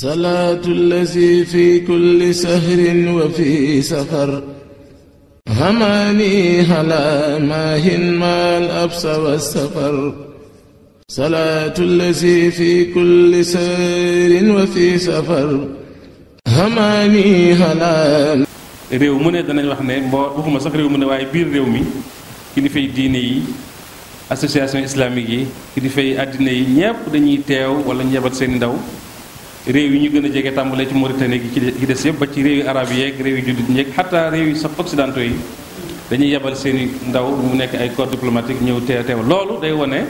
salaatu lazi fi kulli sahrin wa fi safar hamaani halaa maahin maal absa wa safar salaatu lazi fi kulli sahrin wa fi safar hamaani halaa réew mu ne danañ wax ne mboo waxuma sax réew mu ne waaye biir réew mi kilifay diine yi association islamique yi kilifay àddina yi ñépp dañuy teew wala ñebat seen ndaw réew yi ñu gën a jege tàmbalee ci Mauritanie gi ci des yëpp ba ci réew yu arab yi réew yu jullit ñeeg xataa réew yi sax occidentaux yi dañuy yebal seeni ndaw mu nekk ay corps diplomatique ñëw teew teew loolu day wane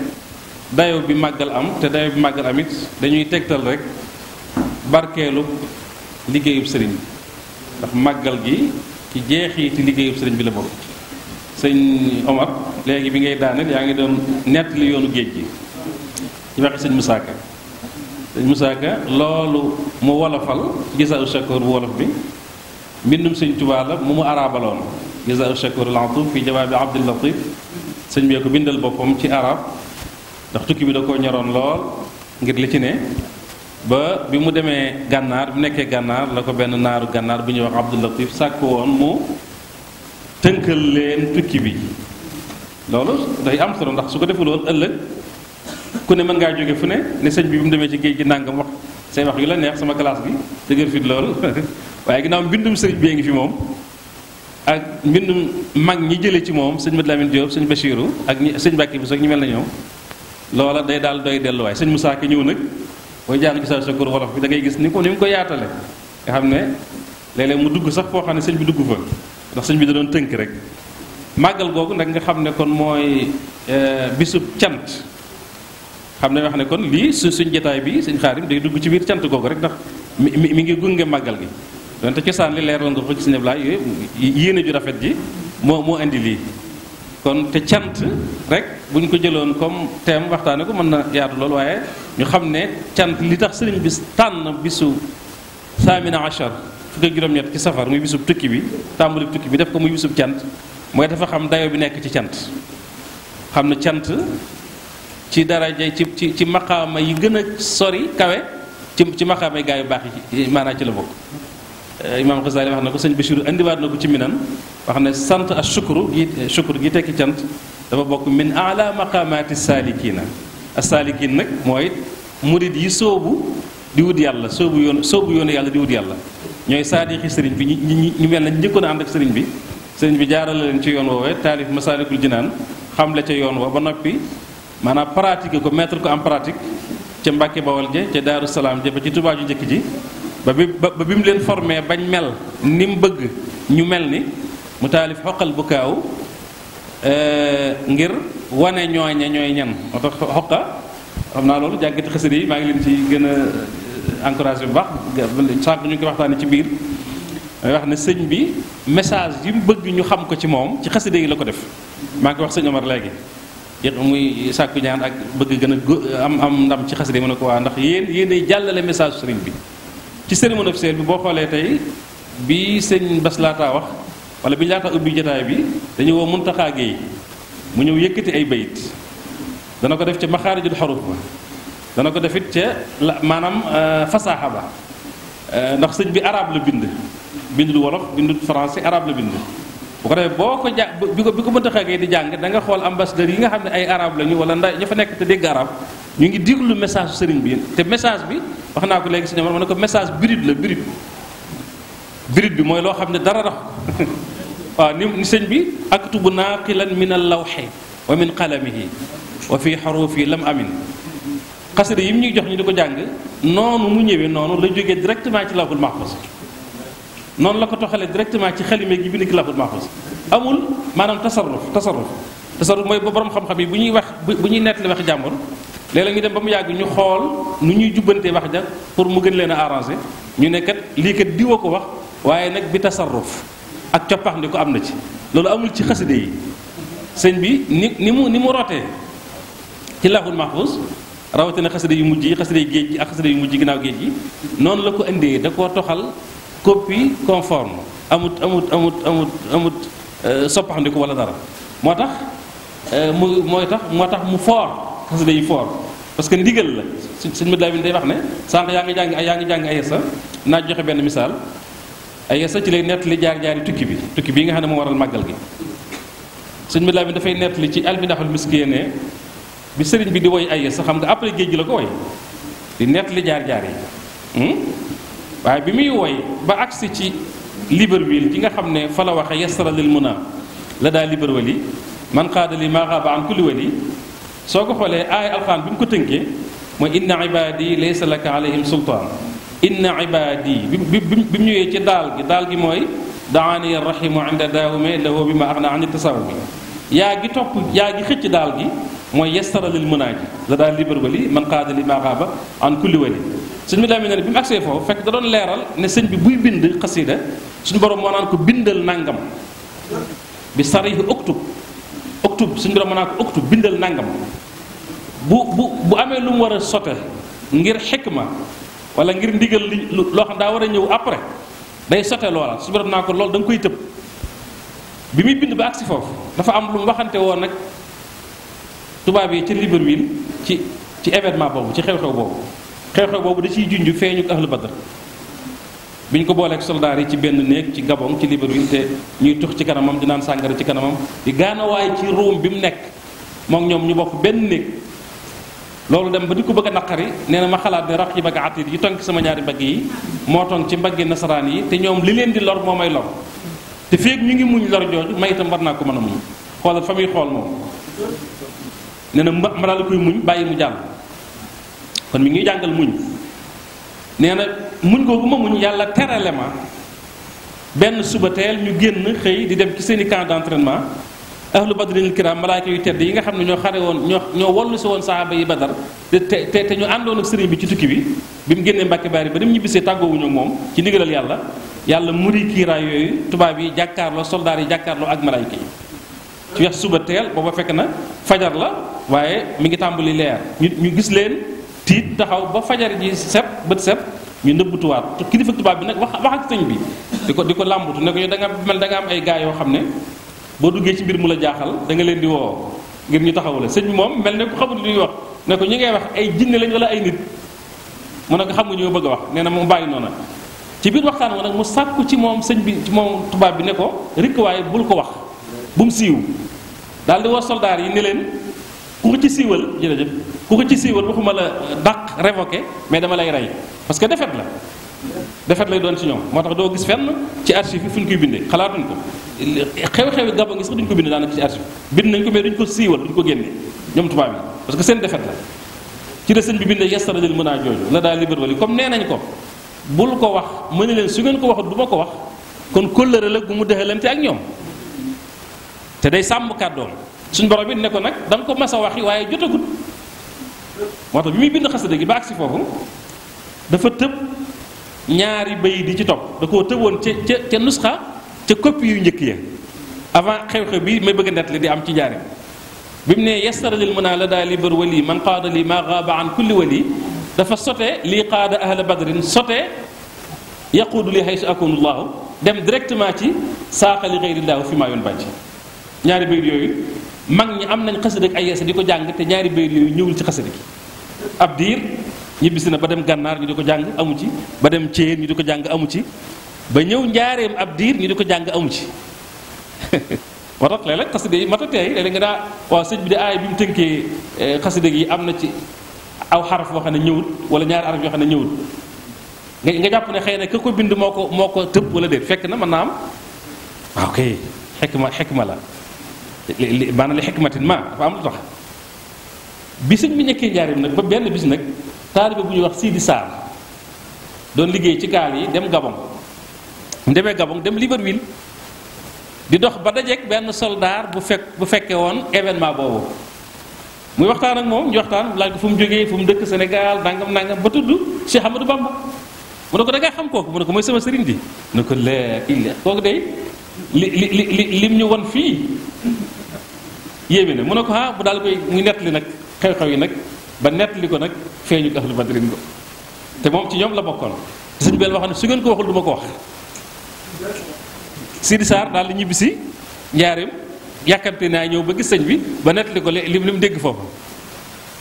dayo bi màggal am te dayo bi màggal am dañuy tegtal rek barkeelu liggéeyub sëriñ ndax màggal gi ci jeexiti liggéeyub sëriñ bi la bokk sëñ Omar léegi bi ngay daaneel yaa ngi doon nettali yoonu géej gi ci waxi sëñ Musaa Ka Moussa Ka loolu mu wolofal gisaa u shakoor bu wolof bi mbindum sëñ Tuubaa la mu mu araabaloon gisaa u al atuf fi jawaabi Abdul Latif sëñ bee ko bindal boppam ci arab ndax tukki bi da koo ñoroon lool ngir li ci ne ba bi mu demee gànnaar bi nekkee gànnaar la ko benn naaru gànnaar bu ñuy wax Abdul Latif sàkk woon mu tënkal leen tukki bi loolu day am solo ndax su ko defuloon ëllëg ku ne mën ngaa jóge fu ne ne sëñ bi bu mu demee ci géej gi nangam wax say wax yu la neex sama classe bi dëgër fit loolu waaye ginnaaw mbindum sëñ bee ngi fi moom ak mbindum mag ñi jëlee ci moom sëñ Mad Lamine Diop sëñ Bachirou ak ñi sëñ Bakki bi sax ñu mel na ñoom loola day daal doy delluwaay sëñ Moussa Ka ñëw nag booy jaan gisal sa kur bi da ngay gis ni ko ni mu ko yaatale nga xam ne léeg mu dugg sax foo xam ne sëñ bi dugg fa ndax sëñ bi da doon tënk rek màggal googu nag nga xam ne kon mooy eh, bisub cant xam ne wax ne kon lii su suñ jataay bi suñ xaarim day dugg ci biir cant googu rek ndax mi mi ngi gunge màggal gi donte cosaan li leeral nga ko ci sineblaay yooyu yéene ju rafet ji moo moo indi lii kon te cant rek buñ ko jëloon comme thème waxtaane ko mën na yaatu loolu waaye ñu xam ne cant li tax sëriñ bi tànn bisu saamina achar fukk ak juróom-ñett ci safar muy bisub tukki bi tàmbali tukki bi def ko muy bisub cant mooy dafa xam dayo bi nekk ci cant xam cant ci daraja ci ci ci maqaama yi gën a sori kawe ci ci maqaama yi gaa yu baax yi maanaa ci la bokk euh, imaam Xasaali wax na ko sëñ bi Bachir andiwaat na ko ci minan wax ne sant a shukru gi shukru gi tekki cant dafa bokk min ala maqaamaati saalikiina as-saalikiin nag mooy murid yi soobu di wut yàlla soobu yoon soobu yoonu yàlla di wut yàlla ñooy saadixi sëriñ bi ñi ñu mel na njëkkoon a ànd ak sëriñ bi sëriñ bi jaarale leen ci yoon woowee taalif masaalikul jinaan xam la ca yoon wa ba noppi maanaam pratiquer ko mettre ko en pratique ca Mbàkke Bawol ja ca Daaru Salaam ja ba ci Tuubaa ju njëkk ji ba bi ba bi mu leen formé bañ mel ni mu bëgg ñu mel ni mu taalif xoqal bu kaaw eh, ngir wane ñooña ñooy ñan moo tax xoqa xam naa loolu jàngati xasida yi maa ngi leen ci gën a eh, encouragé bu baax sànq ñu ngi koy waxtaane ci biir may wax ne sëñ bi message yi mu bëgg ñu xam ko ci moom ci xasida yi la ko def maa ngi wax sëñ Omar léegi muy sàkku ñaan ak bëgg gën a am am ndam ci xasida yi mu ne ko waa ndax yéen yéenay jàllale message sëriñ bi ci cérémonie officielle bi boo xoolee tey bi sëñ bas laataa wax wala bi laataa ubbi jotaay bi dañu woo Muntaxa Géey mu ñëw yëkkati ay bayit dana ko def ca maxaarijul xaruf ba dana ko defit ca la maanaam fasaaxa ba ndax sëñ bi arab la bind bindul wolof bindul français arab la bind bu ko defee boo ko ja bi ko bi ko mënta xëy di jàng danga xool ambassadeur yi nga xam ne ay arab lañu wala nda ña fa nekk te dégg arab ñu ngi diglu message sëriñ bi te message bi wax naa ko léegi si ne ma ko message brut la brut bi mooy loo xam ne dara rax waaw ni ni sëñ bi aktubu naaqilan min allawxi wa min qalamihi wa fi xarufi lam amin xasida yi mu ñuy jox ñu di ko jàng noonu mu ñëwee noonu la jógee directement ci lawhul mahfuz non la ko toxale directement ci xalime gi bindi nekk laful mahfuz amul manam tasarruf tasarruf tasarruf moy bo borom xam-xam bi bu ñuy wax bu ñuy nettali wax jàmbur léeg-léeg ñu dem ba mu yàgg ñu xool nu ñuy jubbantee wax ja pour mu gën leen a arrangé ñu ne kat lii kat diwa ko wax waaye nag bi tasarruf ak coppax ndi ko am na ci loolu amul ci xaside yi sëñ bi ni ni mu ni mu rootee ci laful mahfuz rawatina xasida yu mujj yi xasida yu géej gi ak xasida yu mujj ginnaaw géej gi noonu la ko indee da koo toxal copie conforme amut amut amut amut amut euh, soppaxandiku wala dara moo tax euh, mu mooy tax moo tax mu fort xasida yi fort parce que ndigal la suñ mad laa bin day wax ne sànq yaa ngi jàng yaa ngi jàng ayesa naa joxe benn misaal ayesa ci lay nettali jaar-jaari tukki bi tukki bii nga xam ne moo waral màggal gi suñ mad laa bin dafay nettali ci alminaxul miskiye ne bi sëriñ bi di woy ayesa xam nga après géej gi la ko woy di nettali jaar-jaar yi hmm? waaye bi muy woy ba agsi ci wil gi nga xam ne fa la waxe yasara lil muna la daa Libreville wali man qaada li maa xaaba an kulli wali soo ko xoolee aay alxaan bi mu ko tënkee mooy inna ibaadi laysa laka alayhim sultan inna ibaadi bi bi mu ñëwee ci daal gi daal gi mooy daani rahimu inda daawume lahu bi ma ax na an tasawubi yaa gi topp yaa gi xëcc daal gi mooy yasara lil muna ji la daa wali man qaada li maa xaaba an kulli wali sëñ bi daa mel ne bi mu agsee foofu fekk da doon leeral ne sëñ bi buy bind xasida suñu borom moo naan ko bindal nangam bi sarihi oktub oktub suñu borom moo naan ko oktub bindal nangam bu bu bu amee lu mu war a sote ngir xikma wala ngir ndigal li loo xam daa war a ñëw après day sote loola suñu borom naa ko loolu da koy tëb bi muy bind ba agsi foofu dafa am lu mu waxante woon nag tubaab yi ci Libreville ci ci événement boobu ci xew-xew xew-xew boobu da ciy junj feeñu ahlu badar bi ñu ko booleek soldaar yi ci benn néeg ci gabon ci Libreville te ñuy tux ci kanamam di naan sàngara ci kanamam di gaanawaay ci ruum bi mu nekk moom ñoom ñu bokk benn néeg loolu dem ba di ko bëgg naqari nee na ma xalaat ne rax yi bëgg yi tonk sama ñaari mbagg yi moo tonk ci mbaggi nasaraan yi te ñoom li leen di lor moo may lor te feeg ñu ngi muñ lor jooju may itam war naa ko mën a muñ xoolal fa muy xool moom nee na ma daal koy muñ bàyyi mu jàll kon mi ngi jàngal muñ nee na muñ googu ma muñ yàlla terale ma benn suba teel ñu génn xëy di dem ci seen i camp d'entraînement lu badrinil kiram malaayka yu tedd yi nga xam ne ñoo xare woon ñoo ñoo wallu si woon sahaaba yi badar te te ñu àndoon ak sëriñ bi ci tukki bi bi mu génnee mbàkke baari ba dem ñibbisee tàggoowuñu moom ci ndigalal yàlla yàlla muri kiiraay yooyu tubaab yi jàkkaarloo soldaar yi jàkkaarloo ak malaayka yi ci wax suba teel booba fekk na fajar la waaye mi ngi tàmbali leer ñu gis leen tiit taxaw ba fajar ji set bët set ñu nëbbutuwaat kilifa tubaab bi nag wax wax ak bi di ko di ko làmbutu ne ko yow da nga am ay gaay yoo xam ne boo duggee ci mbir mu la jaaxal da leen di woo ngir ñu taxaw la sëñ bi moom mel ne ku xamul li ñuy wax ne ko ñi ngay wax ay jinne lañ wala ay nit mu ne ko bëgg wax nee na mu bàyyi noona ci biir waxtaan wa nag mu sàkku ci moom sëñ bi moom tubaab bi ne ko rikk waaye bul ko wax bu mu siiw daal di woo soldaar yi ne leen ku ci siiwal jërëjëf ku ko ci siiwal waxuma la dàq révoqué mais dama lay rey parce que defet la defet lay doon ci ñoom moo tax doo gis fenn ci archive yi fu koy bindee xalaatuñ ko xew-xewi gabon gi sax duñ ko bindee daanaka ci archive bind nañ ko mais duñ ko siiwal duñ ko génnee ñoom tubaab bi parce que seen defet la ci la sëñ bi bindee yestarajël mën a jooju la daal libéral yi comme nee nañ ko bul ko wax mën ne leen su ngeen ko waxut du ma ko wax kon kóllëre la gu mu dexalante ak ñoom te day sàmm kàddoom suñ borom bi ne ko nag da nga ko mas a waxi waaye jotagut moo tax bi muy bind xasida gi ba agsi foofu dafa tëb ñaari bayit yi ci topp da koo tëboon ca ca ca nusxa ca copie yu njëkk ya avant xew-xew bi may bëgg a nettali di am ci jaare bi mu ne yastara lil muna la daa libar wali man qaada li ma gaaba an kulli wali dafa sote lii qaada ahla badrin sote yaquudu li haysu akunu llahu dem directement ci saaqa li xeyrillahu fi maa yoon bàcc ñaari bayit yooyu mag ñi am nañ xasida ak ay yeesa di ko jàng te ñaari bayit yooyu ñëwul ci xasida gi ab diir ñibbisi na ba dem gànnaar ñu di ko jàng amu ci ba dem céen ñu di ko jàng amu ci ba ñëw njaareem ab diir ñi di ko jàng amu ci moo tax léeg-léeg xasida nga daa waaw sëñ bi mu tënkee eh, xasida gi am na ci aw xaraf boo xam ñëwut ñëwul wala ñaari araf yoo xam ne ñëwul nga nga jàpp ne xëy na ka ko bind moo ko moo ko tëb wala déet fekk na mën naam am waaw xekk ma la li maanaam li xikmatin ma dafa am bi sëñ bi nekkee njaarim nag ba benn bis nag taalibe bu ñuy wax Sidi Sarr doon liggéey ci gaal yi dem Gabon mu demee Gabon dem Libreville di dox ba dajeeg benn soldaar bu fekk bu fekkee woon événement boobu muy waxtaan ak moom ñu waxtaan laaj ko fu mu jógee fu mu dëkk Sénégal nangam nangam ba tudd Cheikh Amadou Bamba mu ne ko da ngaa xam kooku mu ne ko mooy sama sëriñ bi ne ko la illa kooku day li li li lim ñu won fii yéeme na mu ne ko ah bu daal koy mu nettali nag xew-xew yi nag ba nettali ko nag feeñu ahlu badrin ko te moom ci ñoom la bokkoon sëñ benn wax ne su ngeen ko waxul duma ko wax Sidi Sarr daal di ñibbisi si njaareem yàkkamte naa ñëw ba gis sëñ bi ba nettali ko li li mu dégg foofu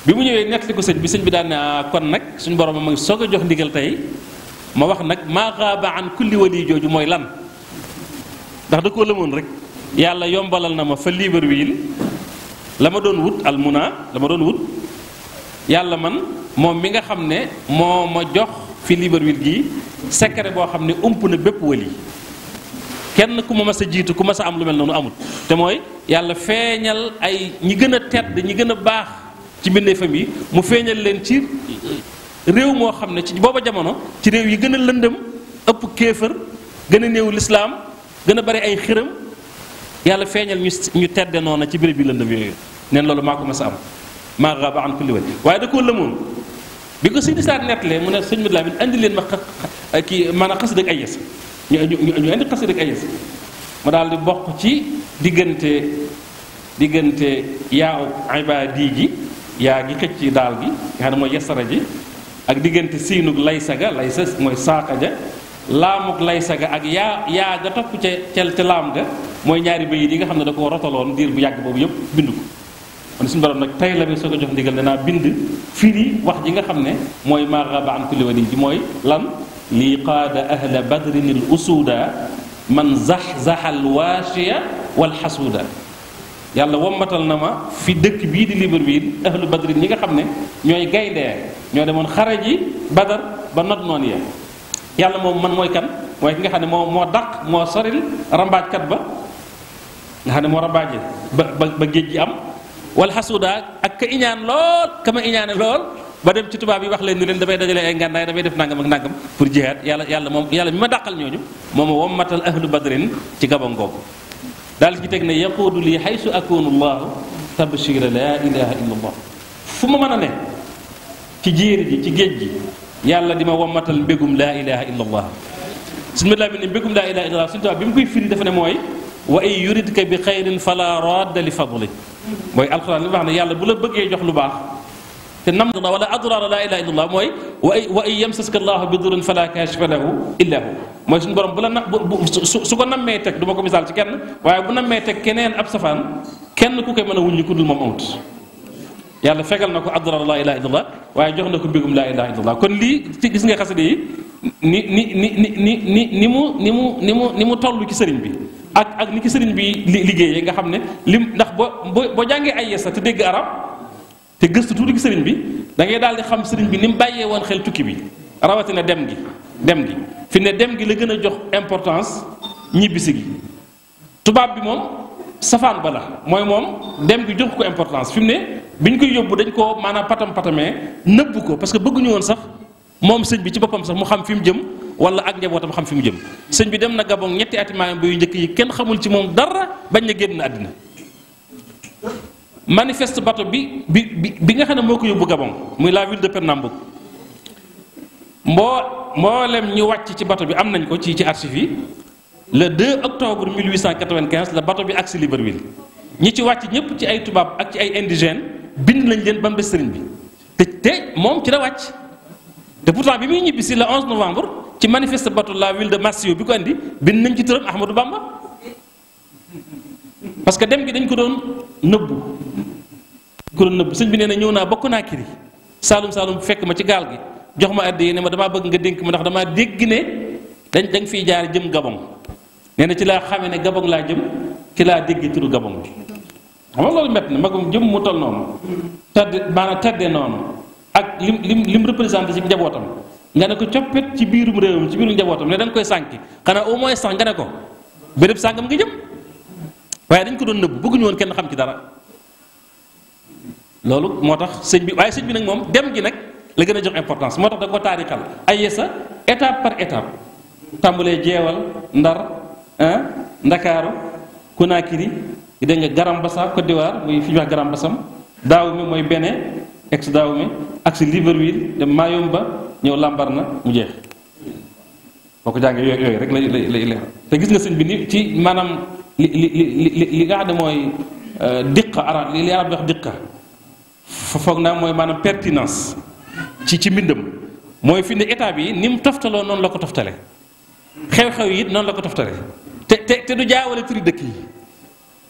bi mu ñëwee nettali ko sëñ bi sëñ bi daan na ah, kon nag suñu borom ma ngi soog a jox ndigal tey ma wax nag maa xaaba an kulli jooju mooy lan ndax da koo lëmoon rek yàlla yombalal na ma fa liibar wiil la ma doon wut almuna la ma doon wut yàlla man moom mi nga xam ne moo ma jox fi Libreville gii secret boo xam ne ump na bépp wali kenn ku ma mas a jiitu ku mas a am lu mel noonu amul te mooy yàlla feeñal ay ñi gën a tedd ñi gën a baax ci mbindeefam yi mu feeñal leen ci réew moo xam ne ci booba jamono ci réew yi gën a lëndëm ëpp kéefër gën a néew lislaam gën a bari ay xiram yàlla feeñal ñu ñu tedde noona ci béréb bi lëndëm yooyu neen loolu maa ko mas a am maa raaba an kulli wali waaye da koo lëmoon bi ko sëñ saat nettalee mu ne sëñ Modou leen ma kii maanaam xas ay yes ñu ñu indi daal di bokk ci diggante diggante yaaw ibaadi gi yaa gi xëcc ci daal gi nga xam ne mooy yasara ji ak diggante siinug laysa ga laysa mooy saaqa ja laamug laysa ga ak yaa yaa ga topp ca ca laam ga mooy ñaari bayit yi nga xam ne da ko rotaloon diir bu yàgg boobu yëpp bindu ko kon suñu borom nag tey la bi soo ko jox ndigal danaa bind firi wax ji nga xam ne mooy maa xaba an kulli wali ji mooy lan li qaada ahla badrin al usuda man zaxzaxa al waashiya wal xasuuda yàlla wombatal na ma fi dëkk bii di Libreville ahlu badrin ñi nga xam ne ñooy gaynde ñoo demoon xare ji badar ba not noonu ya yàlla moom man mooy kan mooy ki nga xam ne moo moo dàq moo soril rambaajkat ba nga xam ne moo rabaaje ba ba géej gi am wala xasuuda ak ka iñaan lool ka ma iñaane lool ba dem ci tubaab yi wax leen ni leen damay dajale ay ngàndaay damay def nangam ak nangam pour jihaad yàlla yàlla moom yàlla mi ma dàqal ñooñu mooma wammatal ahlu badrin ci gabon googu daal ci teg na yaquudu lii xaysu akunu llahu tabshira laa ilaha illa allah fu ma mën a ne ci jéeri géej gi yàlla di ma wammatal mbégum laa ilaha illa allah suñu ma laa bi ne mbégum laa ilaha illa allah suñu tubaab bi mu koy firi dafa ne mooy وإن يردك بخير فلا راد لفضله موي القران لي واخنا يالا بولا بغي جوخ لو باخ تي نام لا ولا اضرار لا اله الا الله موي وإن يمسسك الله بضر فلا كاشف له الا هو موي سن بروم بولا نا سوكو نامي تك دوما كو سي كين واي بو نامي تك كينين اب صفان كين كوكاي مانا وني كودل موم اوت yàlla fegal na ko adrar laa ilaha illallah waaye jox na ko mbégum laa ilaha illallah kon lii ci gis nga xasida yi ni ni ni ni ni ni ni mu ni mu ni mu ni mu toll ci sëriñ bi ak ak ni ci sëriñ bi liggéeyee nga xam ne lim ndax boo boo boo jàngee ay yesa te dégg arab te gëstu tuuti ci sëriñ bi da ngay daal di xam sëriñ bi ni mu bàyyee woon xel tukki bi rawatina dem gi dem gi fi ne dem gi la gën a jox importance ñibbisi gi tubaab bi moom safaan ba la mooy moom dem gi jox ko importance fi mu ne bi ñu koy yóbbu dañ koo maanaam patam patamee nëbbu ko parce que bëgguñu woon sax moom sëñ bi ci boppam sax mu xam fi mu jëm wala ak njabootam xam fi mu jëm sëñ bi dem na Gabon ñetti ati maayam jëkk yi kenn xamul ci moom dara bañ na génn àddina manifeste bato bi bi bi nga xam ne moo ko yóbbu Gabon muy la ville de Pernambouc mboo mboolem ñu wàcc ci bato bi am nañ ko ci ci archive yi le 2 octobre 1895 la bato bi agsi Libreville ñi ci wàcc ñëpp ci ay tubaab ak ci ay indigènes. bind nañ leen ba mu sëriñ bi te te moom ci la wàcc te pourtant bi muy ñibbisi la le 11 novembre ci manifeste Batullah ville de Massio bi ko andi bind nañ ci turam Ahmadou Bamba parce que dem gi dañ ko doon nëbbu dañ ko doon nëbbu bi nee na ñëw naa bokk naa kiri saalum saalum fekk ma ci gaal gi jox ma addi ne ma damaa bëgg nga dénk ma ndax damaa dégg ne dañ da nga fiy jaar jëm Gabon nee na ci laa xamee ne Gabon laa jëm ci laa dégg turu Gabon bi xam nga loolu métti na magum jëm mu toll noonu tedd maanaam teddee noonu ak lim lim lim représenté ci njabootam nga ne ko coppet ci biirum réewam ci biirum njabootam ne da nga koy sànki xanaa au moins sax nga ne ko béréb sàngam ngi jëm waaye dañ ko doon nëbbu bëgguñu woon kenn xam ci dara loolu moo tax sëñ bi waaye sëñ bi nag moom dem gi nag la gën a jox importance moo tax da ko taarixal ay yesa étape par étape tàmbalee jeewal ndar ah, ndakaaru kunaakiri dégg nga Garambassa Côte d'Ivoire muy fi ñuy wax Garambassam daaw mooy Bénin ex daaw mi ak si Libreville dem Mayumba ñëw làmbar na mu jeex boo ko jàngee yooyu rek lay lay lay te gis nga sëñ bi ni ci maanaam li li li li nga xam mooy euh, diqa arab li arab di wax diqa foog naa mooy maanaam pertinance ci ci mbindam mooy fi ne état bi ni mu toftaloo noonu la ko toftale xew-xew yi noonu la ko toftale te te te du jaawale turi dëkk yi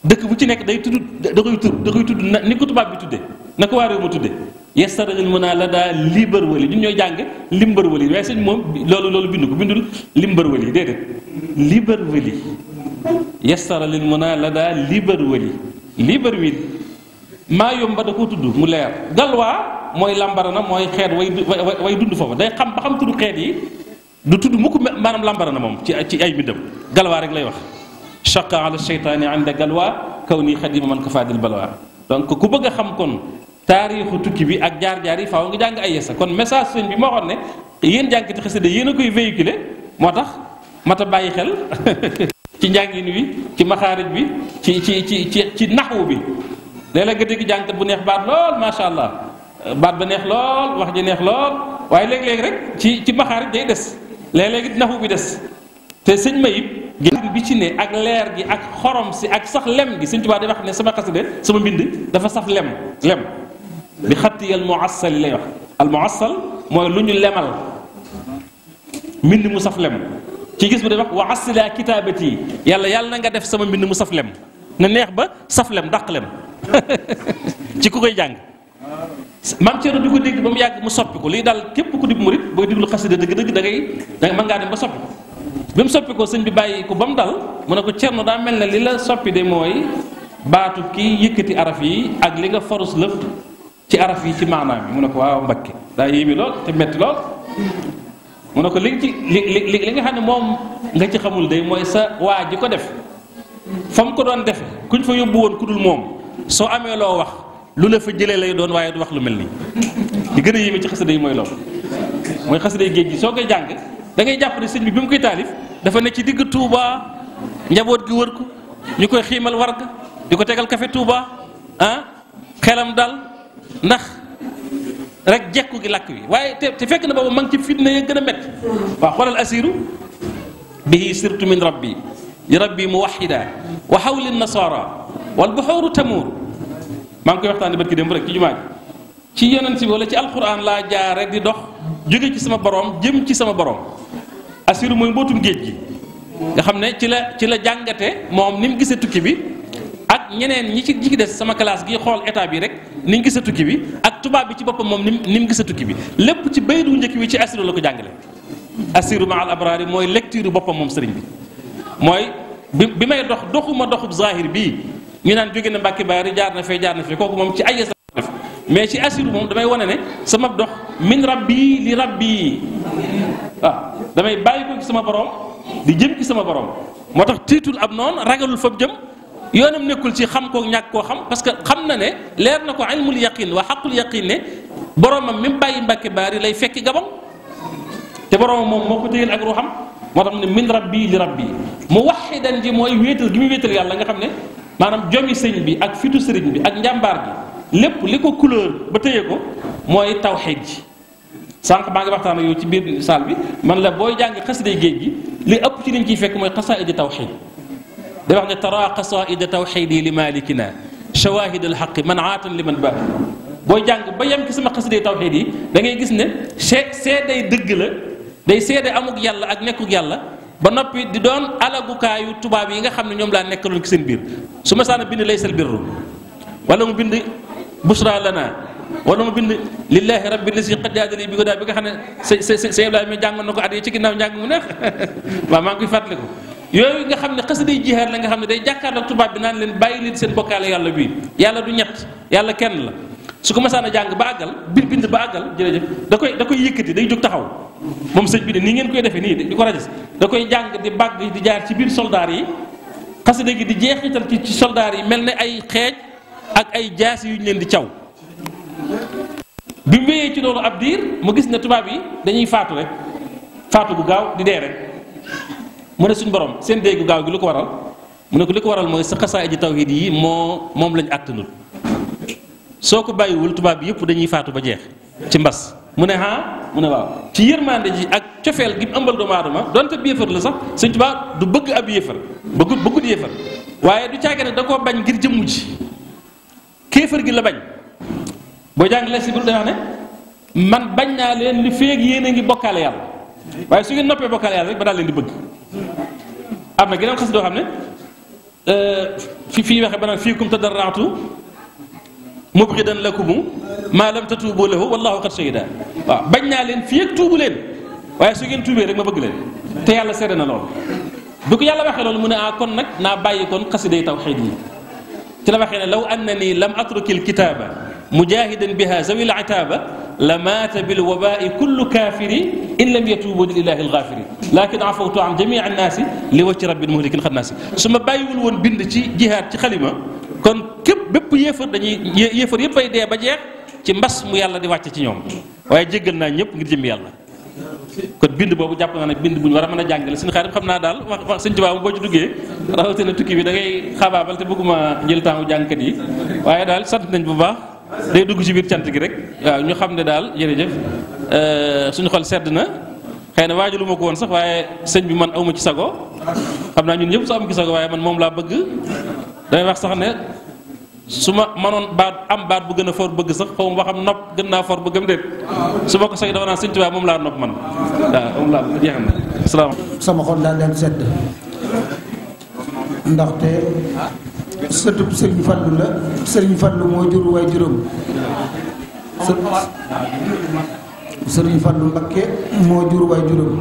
dëkk bu ci nekk day tudd da koy tudd da koy tudd ni ko tubaab bi tudde na ko waa réew ma tudde yestaril mën naa la daa liibar wali ñun ñooy jàng limbar wali waaye sëñ moom loolu loolu bind ko bindul limbar wali déedéet liibar wali yestaralil mën naa la daal liibar wali liibar wili maa yomba da koo tudd mu leer galwaa mooy na mooy xeet way way dund foofa day xam ba xam tudd xeet yi du tudd mukk maanaam na moom ci ci ay bindam galwaa rek lay wax شق على الشيطان عند قلوى كوني خديم من كفاد البلوى دونك كو بغا خم كون تاريخ توكي بي اك جار جاري فاو نغي جانغ ايسا كون ميساج سين بي مو خن يين جانك تي خسد يين كوي فيكولي موتاخ متا باي خيل تي جانغين وي تي مخارج بي تي تي تي تي نحو بي لالا غديك جانك بو نيه بات لول ما شاء الله بات با نيه لول واخ جي نيه لول واي ليك ليك ريك تي تي مخارج داي ديس لالا غيت نحو بي ديس تي سين مايب ginnaaw bi ci ne ak leer gi ak xorom si ak sax lem gi sëñ Tuubaa day wax ne sama xasida sama mbind dafa saf lem lem bi xatti al muassal lay wax al muassal mooy lu ñu lemal mbind mu saf lem ci gis bu day wax wa asila kitaabati yàlla yàlla na nga def sama mbind mu saf lem na neex ba saf lem dàq lem ci ku koy jàng maam Thierno di ko dégg ba mu yàgg mu soppi ko liy daal képp ku dib murit booy déglu xasida dëgg-dëgg da ngay da mën ngaa dem ba soppi ko bi mu soppi ko sëñ bi bàyyi ko ba mu dal mu ne ko cerno daa mel ne li la soppi de mooy baatu kii yëkkati araf yi ak li nga forus lëf ci araf yi ci maanaam yi mu ne ko waaw mbakke daa mi lool te metti lool mu ne ko li nga xam ne moom nga ci xamul de mooy sa waa ji ko def fa mu ko doon defe kuñ fa yóbbu woon ku dul moom soo amee loo wax lu la fa jëlee lay doon waaye du wax lu mel nii li gën a yéeme ci xasida yi mooy loolu mooy xasida yi géej gi soo koy dafa ne ci digg Touba njaboot gi wër ko ñu koy xiimal warga di ko tegal café Touba ah xelam dal ndax rek jekku gi làkk bi waaye te te fekk na boobu man ci fitna ya gën a métti waaw xoolal asiru bihi sirtu min rabbi li rabbi muwahida wa hawli nasara wal buxooru tamuur maa ngi koy waxtaane bët ki démb rek ci jumaa ji ci yonent bi wala ci alquran laa jaar rek di dox jóge ci sama boroom jëm ci sama borom assiru mooy mbootum géej gi nga xam ne ci la ci la jàngate moom ni mu gisee tukki bi ak ñeneen ñi ci ñi des sama classe gi xool état bi rek ni ñu gisee tukki bi ak tubaab bi ci boppam moom ni mu ni mu gisee tukki bi lépp ci bayit wu njëkk wi ci assiru la ko jàngale assiru ma al abraari mooy lecture boppam moom sëriñ bi mooy bi bi may dox doxuma doxub zahir bii ñu naan jóge na Mbàkke Baari jaar na fee jaar na fee kooku moom ci ay mais ci asiru moom damay wane ne sama dox min rabbi li rabbi waaw ah, damay bàyyi ko ci sama borom di jëm ci sama borom moo tax tiitul ab noon ragalul fa jëm yoonam nekkul ci xam koo ñàkk koo xam parce que xam na ne leer na ko ilmul yaqin wa xaqul yaqin ne boromam mi mu bàyyi mbàkke baari lay fekki gabam te boromam moom moo ko téyel ak ruuxam moo tax mu ne min rabbi li rabbi mu waxidan ji mooy wéetal gi muy wéetal yàlla nga xam ne maanaam jomi sëñ bi ak fitu sëriñ bi ak njàmbaar lépp li ko couleur ba tëye ko mooy tawxiid ji sànq maa ngi waxtaan ak yow ci biir salle bi man la booy jàng xasida géej gi li ëpp ci liñ ciy fekk mooy xasaidi tawxiid day wax ne tara xasaida tawxiidi li malikina shawahid al alxaqi man aatan li man ba booy jàng ba yem ci sama xasida tawxiid yi da ngay gis ne see seeday dëgg la day seede amuk yàlla ak nekkuk yàlla ba noppi di doon alagukaayu tubaab yi nga xam ne ñoom laa nekkaloon ci seen biir su ma saana bind laysal birru wala mu bind busra lana wala mu bind lillahi rabbi lisi qad jaadali bi ko daal bi nga xam ne sa sa sa Ibrahima jàngoon na ko at ci ginnaaw njàng mu neex waaw maa ngi koy fàttaliku yooyu nga xam ne xasida yi la nga xam ne day jàkkaarloog la su ko masaan a jàng ba àggal bir bind ba àggal da koy da koy yëkkati day jóg taxaw moom sëñ bi de nii ngeen koy defee nii di ko rajas da koy jàng di bàgg di jaar ci biir soldaar yi xasida gi di jeexital ci ci soldaar yi mel ne ak ay jaas yu ñu leen di caw bi mu wéyee ci loolu ab diir mu gis ne tubaab yi dañuy faatu rek faatu gu gaaw di dee rek mu ne suñu borom seen dee gu gaaw gi lu ko waral mu ne ko li ko waral mooy sa xasaa taw tawhid yi moo moom lañ àttanul soo ko bàyyiwul tubaab bi yëpp dañuy faatu ba jeex ci mbas mu ne ah mu ne waaw ci yërmande ji ak cofeel gi mu ëmbal doomu aadama donte bi yëfar la sax sëñ tubaab du bëgg ab yëfar bëggut bëggut yëfar waaye du caage ne da koo bañ ngir jëmmu ji kéefër gi la bañ boo jàng les si bul day wax ne man bañ naa leen li féeg yéen a ngi bokkaale yàlla waaye su ngeen noppee bokkaale yàlla rek ba daal leen di bëgg am na geneen xas doo xam ne fi fii waxe ba naan fii kum tadarraatu mubxidan lakumu maa lam tatuubu lahu wallahu qad shahida waaw bañ naa leen fii ak tuubu leen waaye su ngeen tuubee rek ma bëgg leen te yàlla seede na lool bi ko yàlla waxee loolu mu ne ah kon nag naa bàyyi kon xasida yi tawxiid yi تلمحنا لو أنني لم أترك الكتابة مجاهدا بها زوي العتابة لمات بالوباء كل كافر إن لم يتوبوا لله الغافر لكن عفوت عن جميع الناس لوجه رب المهلك الخد ناس ثم بايول ون بند تي جهاد تي خليمة كون كيب بيب يفر داني يفر ييب دي با جيخ تي مباس مو يالا دي واتي تي نيوم واي نيب غير جيم kon bind boobu jàpp naa ne bind buñ war a mën a jàngale suñu xarit xam naa daal wax wax suñ tubaab boo ci duggee rawatina tukki bi da ngay xabaabal te bëgguma jël temps jàngkat yi waaye daal sant nañ bu baax day dugg ci biir cant gi rek ñu xam ne daal jërëjëf euh, suñu xol sedd na xëy na waajulu ma ko woon sax waaye sëñ bi man awma ci sago xam naa ñun ñëpp su am ci sago waaye man moom laa bëgg damay wax sax ne suma manon baat am baat bu gëna for bëgg sax xaw waxam nop gëna for bëggam déet su bokk sey soy dafa naan sëñ Tuubaa moom laa nopp man waaw mom la jeex na salaam sama xol daal leen sedd ndax ndaxte sëtub sëriñ Fallu la sëriñ Fallu mo jur waay juróom sëriñ Fallu mbacke mo jur way jurum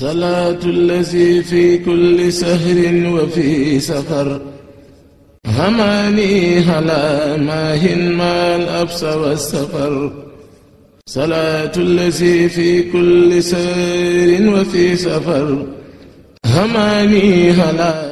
salaatu lazi fi kulli sahrin wa fi safar هماني هلا ما هن ما أبس والسفر صلاة الذي في كل سير وفي سفر هماني هلا